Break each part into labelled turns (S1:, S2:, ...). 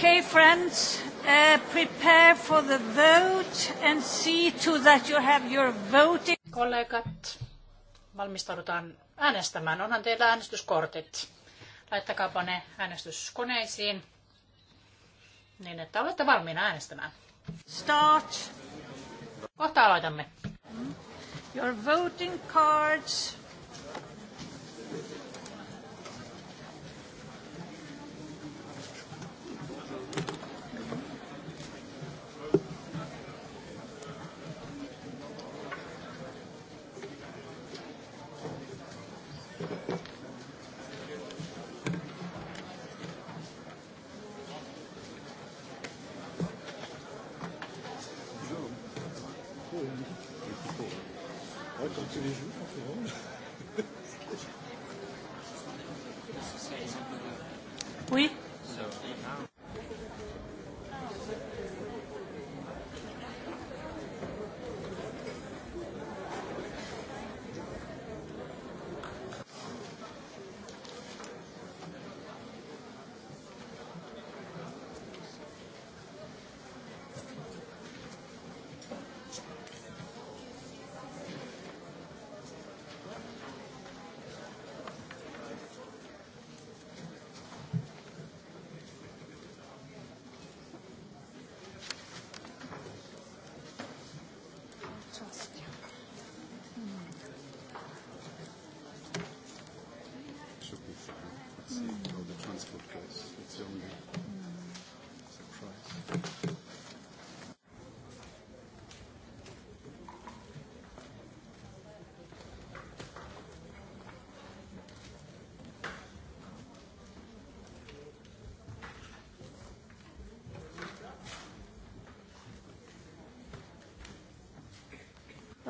S1: Okay, friends, uh, prepare for the vote and see to that you have your voting. Kollegat, valmistaudutaan äänestämään. Onhan teillä äänestyskortit. Laittakaapa ne äänestyskoneisiin niin, että olette valmiina äänestämään. Start. Kohta aloitamme. Your voting cards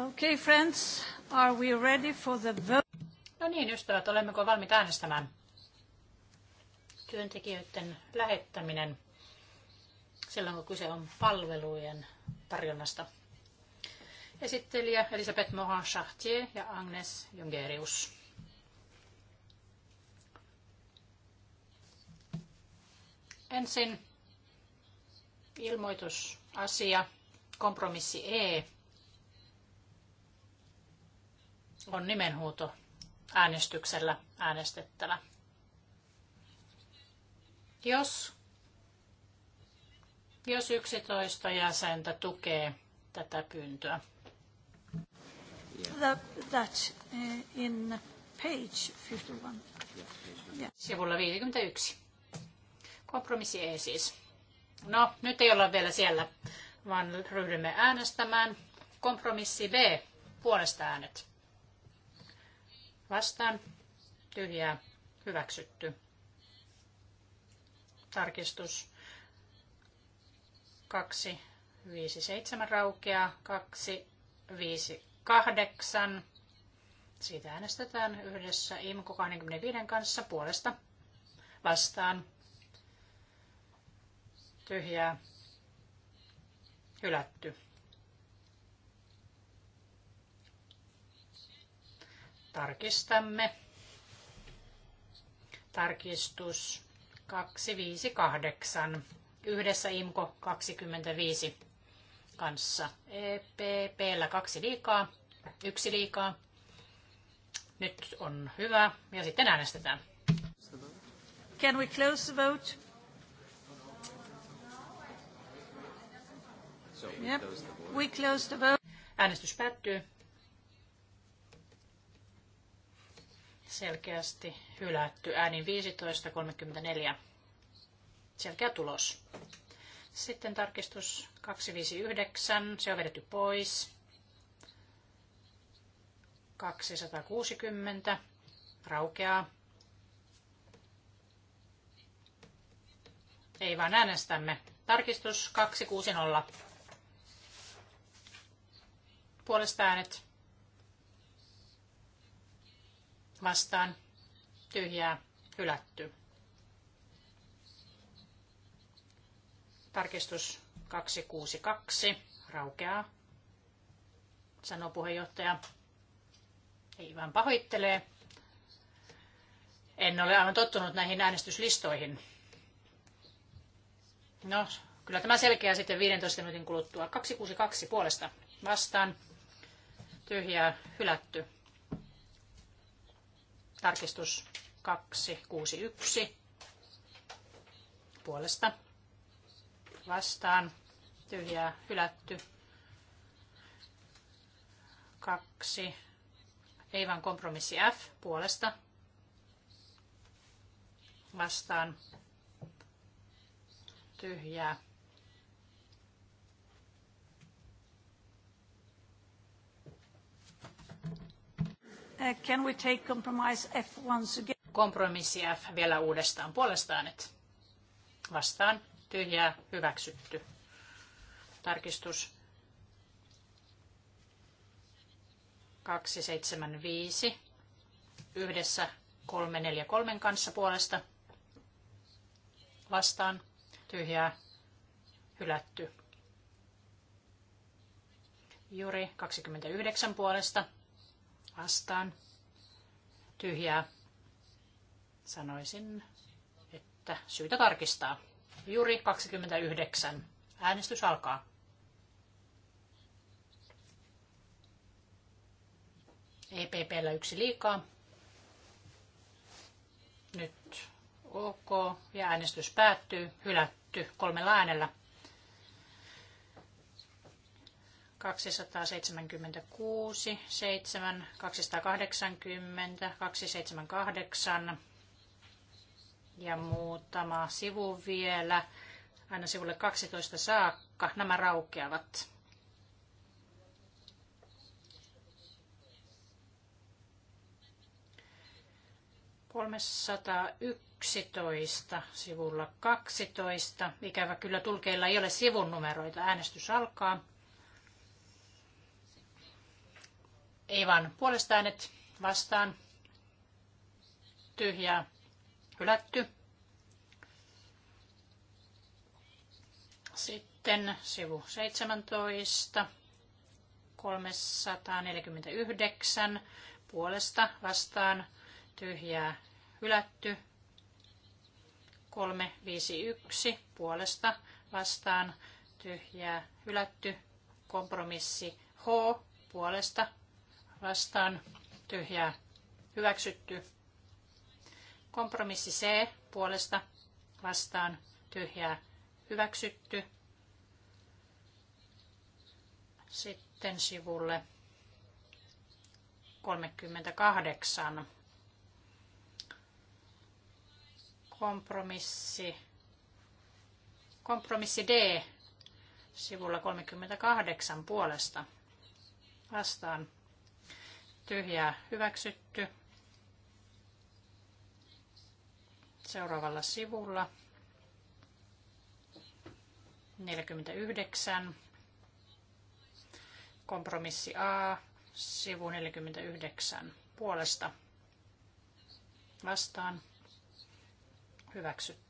S1: Okay, friends, are we ready for the vote? No niin, ystävät, olemmeko valmiit äänestämään? Työntekijöiden lähettäminen silloin, kun kyse on palvelujen tarjonnasta. Esittelijä Elisabeth Mohan-Chartier ja Agnes Jungerius. Ensin ilmoitusasia, kompromissi E on nimenhuuto äänestyksellä äänestettävä. Jos, jos 11 jäsentä tukee tätä pyyntöä. That, uh, in page 51. Sivulla 51. Kompromissi ei siis. No, nyt ei olla vielä siellä, vaan ryhdymme äänestämään. Kompromissi B, puolesta äänet. Vastaan. Tyhjää. Hyväksytty. Tarkistus. 2, 5, 7 raukeaa. 2, 5, 8. Siitä äänestetään yhdessä IMKO 25 kanssa puolesta vastaan. Tyhjää. Hylätty. Tarkistamme. Tarkistus 258 yhdessä IMKO 25 kanssa. EPPllä kaksi liikaa, yksi liikaa. Nyt on hyvä ja sitten äänestetään. Can we close the vote? So we, yep. close the vote. we close the vote. Äänestys päättyy. selkeästi hylätty. Äänin 15.34. Selkeä tulos. Sitten tarkistus 259. Se on vedetty pois. 260 raukeaa. Ei vaan äänestämme. Tarkistus 260. Puolesta äänet vastaan tyhjää hylätty. Tarkistus 262 raukeaa, sanoo puheenjohtaja. Ei vaan pahoittelee. En ole aivan tottunut näihin äänestyslistoihin. No, kyllä tämä selkeää sitten 15 minuutin kuluttua. 262 puolesta vastaan. Tyhjää hylätty. Tarkistus 261 puolesta vastaan tyhjää hylätty. Kaksi. Ei vaan kompromissi F puolesta vastaan tyhjää Uh, can we take compromise F once again? Kompromissi F vielä uudestaan. puolestaan, äänet. Vastaan. Tyhjää. Hyväksytty. Tarkistus 275 yhdessä 343 kanssa puolesta vastaan tyhjää hylätty. Juri 29 puolesta vastaan tyhjää. Sanoisin, että syytä tarkistaa. Juuri 29. Äänestys alkaa. EPPllä yksi liikaa. Nyt OK. Ja äänestys päättyy. Hylätty kolmella äänellä. 276, 7, 280, 278 ja muutama sivu vielä aina sivulle 12 saakka. Nämä raukeavat. Kolmesataa 11 sivulla 12. Ikävä kyllä tulkeilla ei ole sivun numeroita. Äänestys alkaa. Ei vaan puolesta äänet vastaan. Tyhjää. Hylätty. Sitten sivu 17. 349 puolesta vastaan tyhjää hylätty. 351 puolesta vastaan tyhjää hylätty. Kompromissi H puolesta vastaan tyhjää hyväksytty. Kompromissi C puolesta vastaan tyhjää hyväksytty. Sitten sivulle 38. Kompromissi. Kompromissi D sivulla 38 puolesta vastaan ja hyväksytty. Seuraavalla sivulla 49, kompromissi A, sivu 49 puolesta vastaan hyväksytty.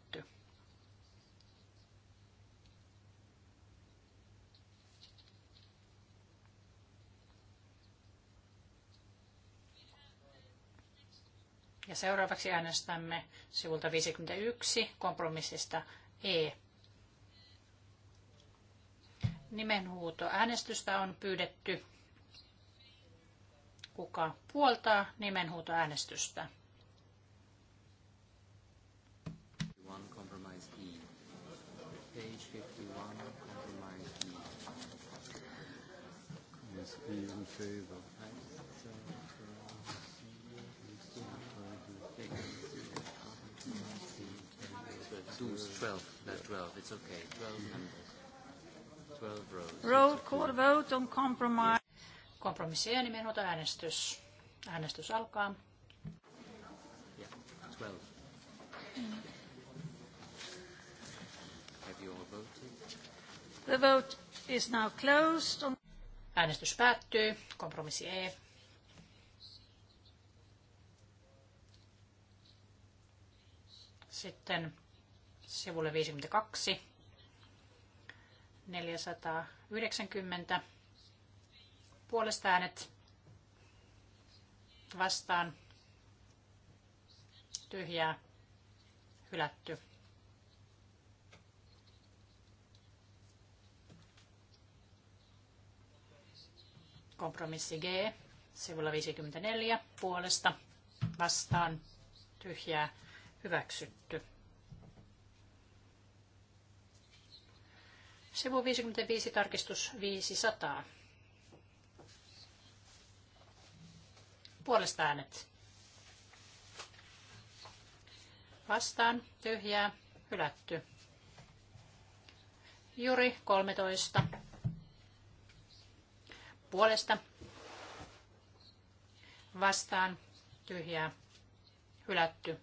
S1: Ja seuraavaksi äänestämme sivulta 51 kompromissista E. Nimenhuuto äänestystä on pyydetty. Kuka puoltaa nimenhuuto äänestystä? E. E.
S2: E in favor. 12. No, 12. It's okay. 12 mm-hmm. numbers.
S1: 12 rows. Roll call vote on compromise. Kompromissien nimenhuuto äänestys. Äänestys alkaa. Yeah, 12. Mm.
S2: Have you all voted?
S1: The vote is now closed. On... Äänestys päättyy. Kompromissi E. Sitten sivulle 52, 490, puolesta äänet vastaan, tyhjää, hylätty. Kompromissi G, sivulla 54, puolesta vastaan, tyhjää, hyväksytty. Sivu 55, tarkistus 500. Puolesta äänet. Vastaan, tyhjää, hylätty. Juri 13. Puolesta. Vastaan, tyhjää, hylätty.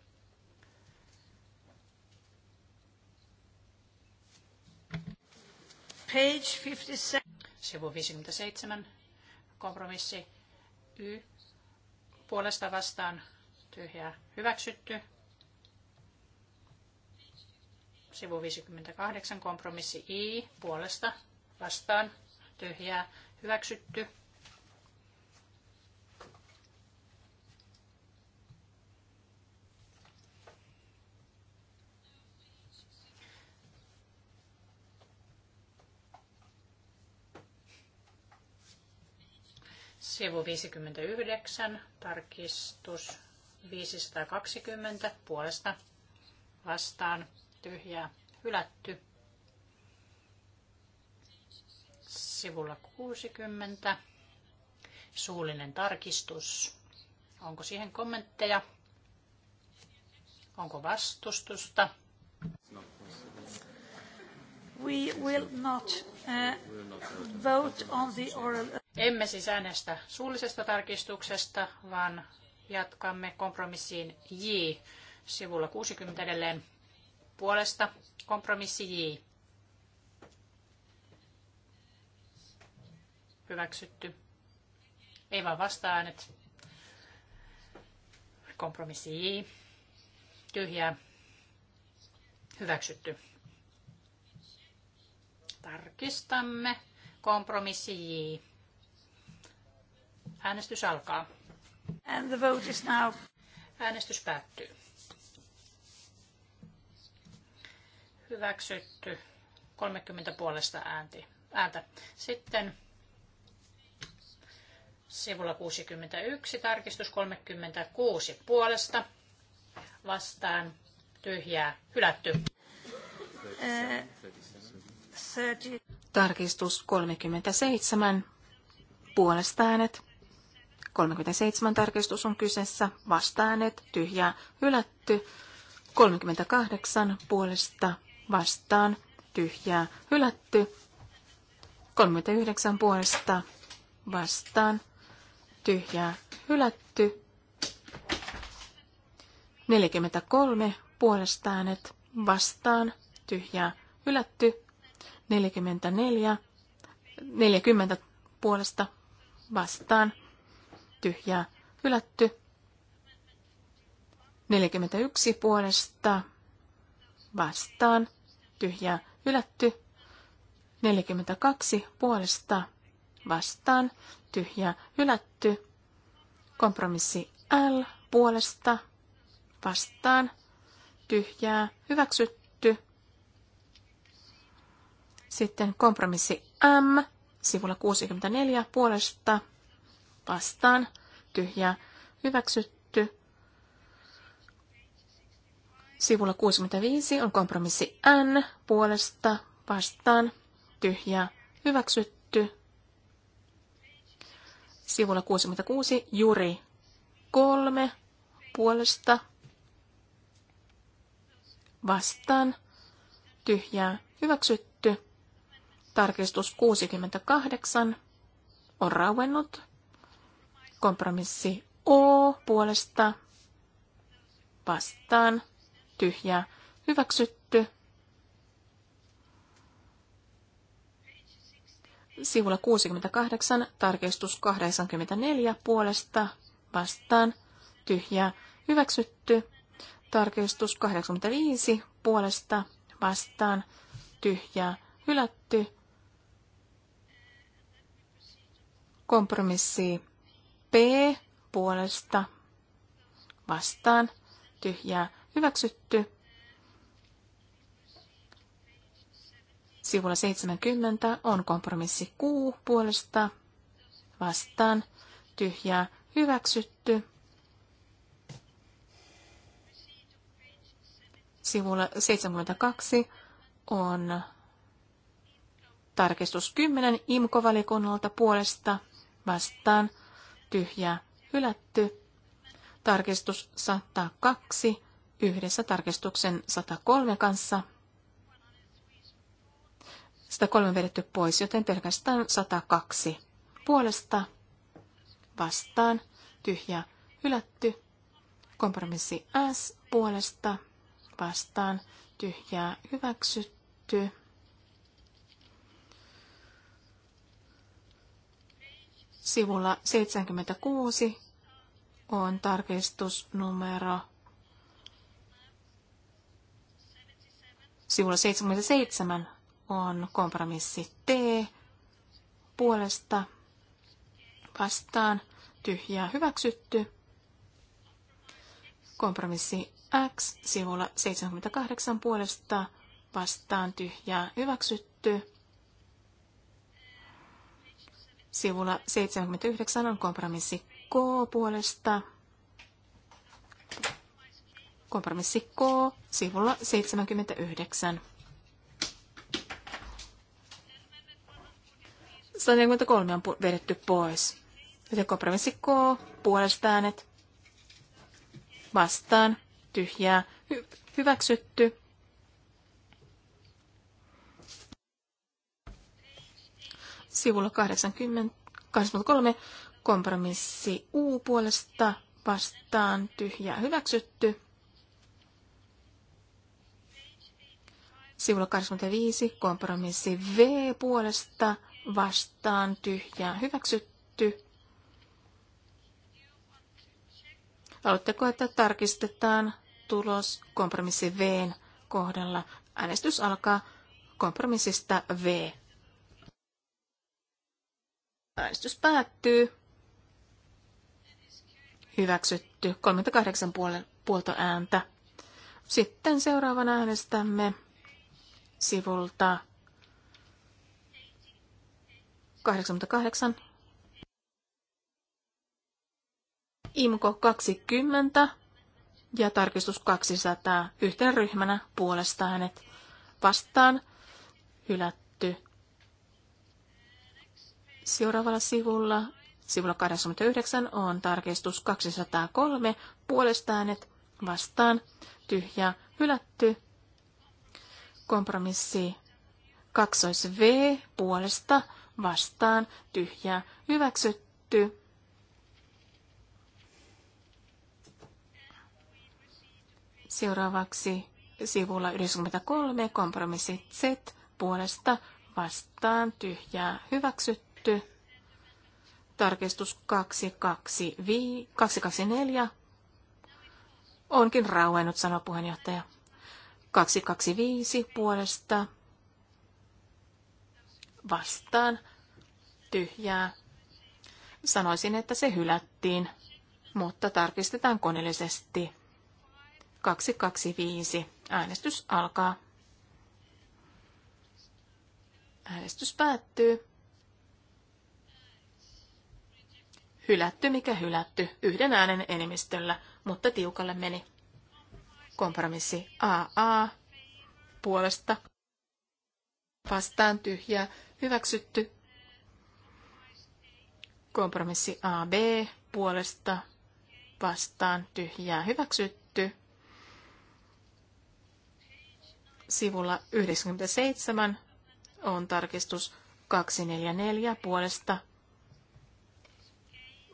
S1: page 57. Sivu 57, kompromissi Y, puolesta vastaan tyhjää hyväksytty. Sivu 58, kompromissi I, puolesta vastaan tyhjää hyväksytty. Sivu 59, tarkistus 520 puolesta vastaan tyhjää hylätty. Sivulla 60 suullinen tarkistus. Onko siihen kommentteja? Onko vastustusta? We will not uh, vote on the oral emme siis äänestä suullisesta tarkistuksesta, vaan jatkamme kompromissiin J sivulla 60 edelleen puolesta. Kompromissi J. Hyväksytty. Ei vaan vasta-äänet. Kompromissi J. Tyhjää. Hyväksytty. Tarkistamme. Kompromissi J. Äänestys alkaa. And the vote is now. Äänestys päättyy. Hyväksytty 30 puolesta äänti, ääntä. Sitten sivulla 61, tarkistus 36 puolesta. Vastaan tyhjää, hylätty. Uh,
S2: tarkistus 37 puolesta äänet 37 tarkistus on kyseessä, vastaanet, tyhjää, hylätty. 38 puolesta vastaan, tyhjää, hylätty. 39 puolesta vastaan, tyhjää, hylätty. 43 puolesta äänet vastaan, tyhjää, hylätty. 44, 40 puolesta vastaan, tyhjää hylätty. 41 puolesta vastaan tyhjää hylätty. 42 puolesta vastaan tyhjää hylätty. Kompromissi L puolesta vastaan tyhjää hyväksytty. Sitten kompromissi M sivulla 64 puolesta vastaan, tyhjä hyväksytty. Sivulla 65 on kompromissi N, puolesta, vastaan, tyhjä hyväksytty. Sivulla 66 juri, kolme, puolesta, vastaan, tyhjä hyväksytty. Tarkistus 68 on rauennut. Kompromissi O puolesta vastaan tyhjää hyväksytty. Sivulla 68 tarkistus 84 puolesta vastaan tyhjää hyväksytty. Tarkistus 85 puolesta vastaan tyhjää hylätty. Kompromissi P puolesta vastaan tyhjää hyväksytty. Sivulla 70 on kompromissi Q puolesta vastaan tyhjää hyväksytty. Sivulla 72 on tarkistus 10 imkovalikunnalta puolesta vastaan tyhjää, hylätty. Tarkistus 102 yhdessä tarkistuksen 103 kanssa. 103 vedetty pois, joten pelkästään 102 puolesta vastaan tyhjä, hylätty. Kompromissi S puolesta vastaan tyhjää, hyväksytty. Sivulla 76 on tarkistusnumero. Sivulla 77 on kompromissi T puolesta vastaan tyhjää hyväksytty. Kompromissi X sivulla 78 puolesta vastaan tyhjää hyväksytty. Sivulla 79 on kompromissi K puolesta. Kompromissi K sivulla 79. 143 on vedetty pois. Joten kompromissi K puolesta äänet vastaan tyhjää hy- hyväksytty. sivulla 80, 83 kompromissi U puolesta vastaan tyhjä hyväksytty. Sivulla 85 kompromissi V puolesta vastaan tyhjää hyväksytty. Haluatteko, että tarkistetaan tulos kompromissi V kohdalla? Äänestys alkaa kompromissista V. Äänestys päättyy. Hyväksytty. 38 puolen, puolta ääntä. Sitten seuraavana äänestämme sivulta 88. Imko 20 ja tarkistus 200 yhtenä ryhmänä puolesta äänet vastaan hylätty Seuraavalla sivulla, sivulla 89, on tarkistus 203, puolesta äänet vastaan, tyhjä, hylätty. Kompromissi kaksois V, puolesta, vastaan, tyhjä, hyväksytty. Seuraavaksi sivulla 93 kompromissi Z puolesta vastaan tyhjää hyväksytty hylätty. Tarkistus 224 onkin rauennut, sanoi puheenjohtaja. 225 puolesta vastaan tyhjää. Sanoisin, että se hylättiin, mutta tarkistetaan koneellisesti. 225. Äänestys alkaa. Äänestys päättyy. hylätty mikä hylätty yhden äänen enemmistöllä, mutta tiukalle meni. Kompromissi AA puolesta vastaan tyhjää hyväksytty. Kompromissi AB puolesta vastaan tyhjää hyväksytty. Sivulla 97 on tarkistus 244 puolesta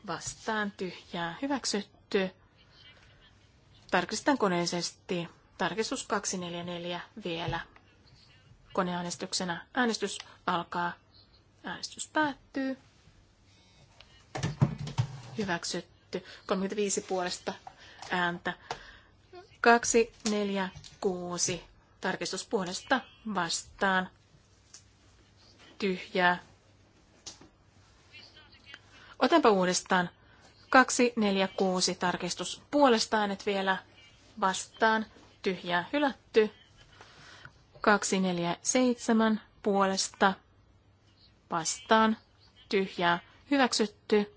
S2: vastaan tyhjää hyväksytty. Tarkistan koneisesti. Tarkistus 244 vielä. Koneäänestyksenä äänestys alkaa. Äänestys päättyy. Hyväksytty. 35 puolesta ääntä. 246. Tarkistus puolesta vastaan. Tyhjää Otanpa uudestaan 246 tarkistus puolesta äänet vielä vastaan. Tyhjää hylätty. 247 puolesta vastaan. Tyhjää hyväksytty.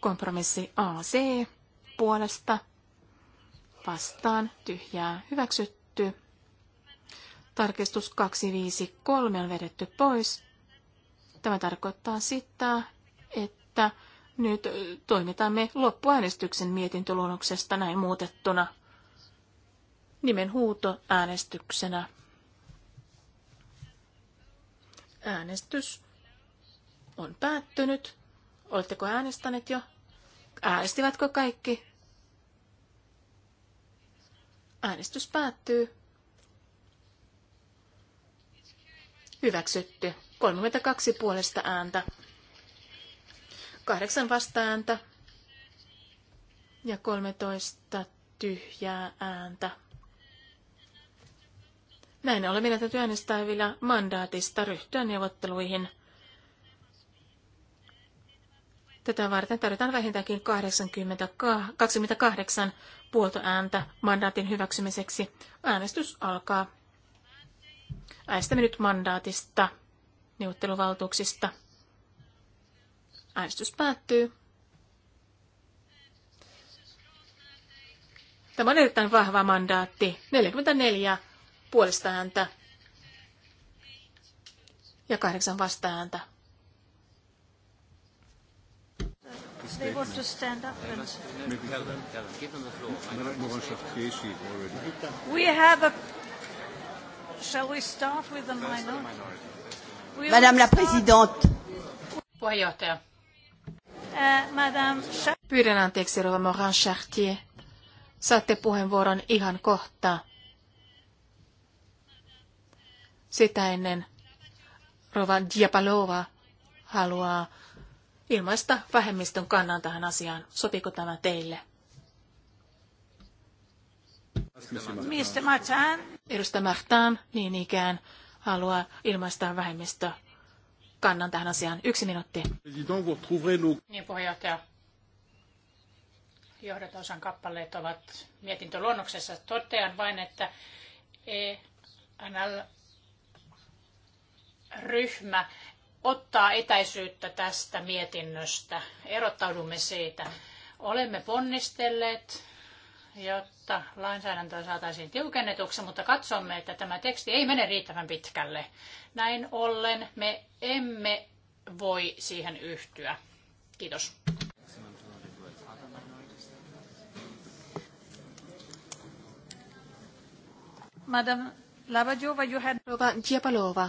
S2: Kompromissi AC puolesta vastaan. Tyhjää hyväksytty. Tarkistus 253 on vedetty pois. Tämä tarkoittaa sitä, että nyt toimitamme loppuäänestyksen mietintöluonnoksesta näin muutettuna huuto äänestyksenä. Äänestys on päättynyt. Oletteko äänestäneet jo? Äänestivätkö kaikki? Äänestys päättyy. Hyväksytty. 32 puolesta ääntä, Kahdeksan vastaääntä ja 13 tyhjää ääntä. Näin ole minä täytyy äänestää vielä mandaatista ryhtyä neuvotteluihin. Tätä varten tarvitaan vähintäänkin 80, 28 ääntä mandaatin hyväksymiseksi. Äänestys alkaa. Äänestämme nyt mandaatista, neuvotteluvaltuuksista. Äänestys päättyy. Tämä on erittäin vahva mandaatti. 44 puolesta ääntä ja kahdeksan vasta ääntä.
S1: Madame la Présidente. Puheenjohtaja.
S2: Eh, Madame... Pyydän anteeksi, Rova Moran Chartier. Saatte puheenvuoron ihan kohta. Sitä ennen Rova Diapalova haluaa ilmaista vähemmistön kannan tähän asiaan. Sopiko tämä teille? Mistä Martin? Edustaja Martin niin ikään haluaa ilmaista vähemmistö kannan tähän asiaan. Yksi minuutti.
S1: Niin, puheenjohtaja. osan kappaleet ovat mietintöluonnoksessa. Totean vain, että ENL-ryhmä ottaa etäisyyttä tästä mietinnöstä. Erottaudumme siitä. Olemme ponnistelleet jotta lainsäädäntöä saataisiin tiukennetuksi, mutta katsomme, että tämä teksti ei mene riittävän pitkälle. Näin ollen me emme voi siihen yhtyä. Kiitos.
S2: Madam Labajova, you had... Rova Djabalova,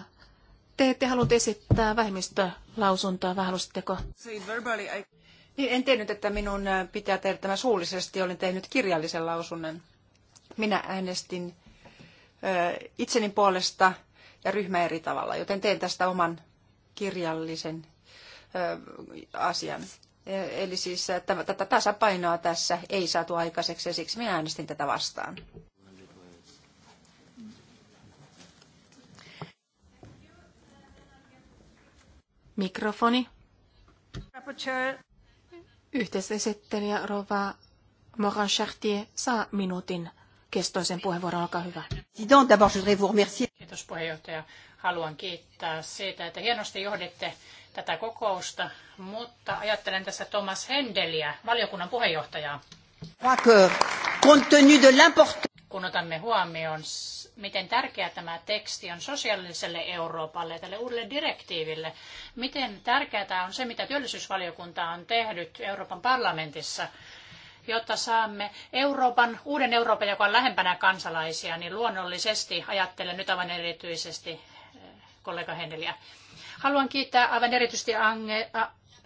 S2: te ette halunnut esittää vähemmistölausuntoa, vai halusitteko? Niin en tiennyt, että minun pitää tehdä tämä suullisesti. Olen tehnyt kirjallisen lausunnon. Minä äänestin ö, itseni puolesta ja ryhmä eri tavalla, joten teen tästä oman kirjallisen asian. E, eli siis tätä tasapainoa tässä ei saatu aikaiseksi ja siksi minä äänestin tätä vastaan. Mikrofoni. Yhteisesittelijä Rova Moran Chartier saa minuutin kestoisen puheenvuoron. Olkaa hyvä.
S1: Kiitos puheenjohtaja. Haluan kiittää siitä, että hienosti johditte tätä kokousta, mutta ajattelen tässä Thomas Hendeliä, valiokunnan puheenjohtajaa kun otamme huomioon, miten tärkeä tämä teksti on sosiaaliselle Euroopalle ja tälle uudelle direktiiville. Miten tärkeää on se, mitä työllisyysvaliokunta on tehnyt Euroopan parlamentissa, jotta saamme Euroopan, uuden Euroopan, joka on lähempänä kansalaisia, niin luonnollisesti ajattelen nyt aivan erityisesti eh, kollega Henneliä. Haluan kiittää aivan erityisesti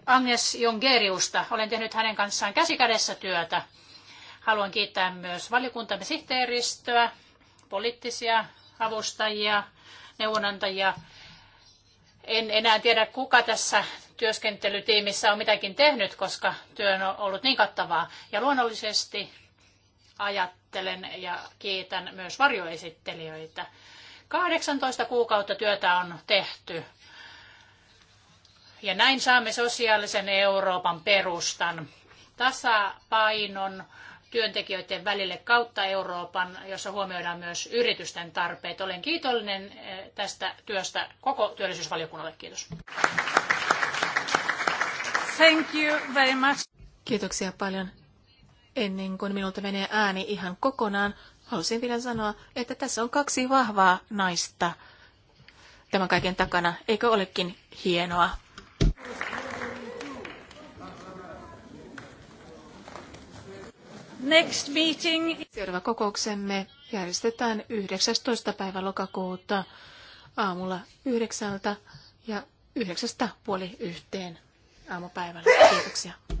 S1: Agnes Jongeriusta. Olen tehnyt hänen kanssaan käsikädessä työtä Haluan kiittää myös valiokuntamme sihteeristöä, poliittisia avustajia, neuvonantajia. En enää tiedä, kuka tässä työskentelytiimissä on mitäkin tehnyt, koska työ on ollut niin kattavaa. Ja luonnollisesti ajattelen ja kiitän myös varjoesittelijöitä. 18 kuukautta työtä on tehty. Ja näin saamme sosiaalisen Euroopan perustan, tasapainon työntekijöiden välille kautta Euroopan, jossa huomioidaan myös yritysten tarpeet. Olen kiitollinen eh, tästä työstä koko työllisyysvaliokunnalle. Kiitos.
S2: Thank you very much. Kiitoksia paljon. Ennen kuin minulta menee ääni ihan kokonaan, halusin vielä sanoa, että tässä on kaksi vahvaa naista tämän kaiken takana. Eikö olekin hienoa? Next meeting. Seuraava kokouksemme järjestetään 19. päivä lokakuuta aamulla yhdeksältä ja yhdeksästä puoli yhteen aamupäivällä. Kiitoksia.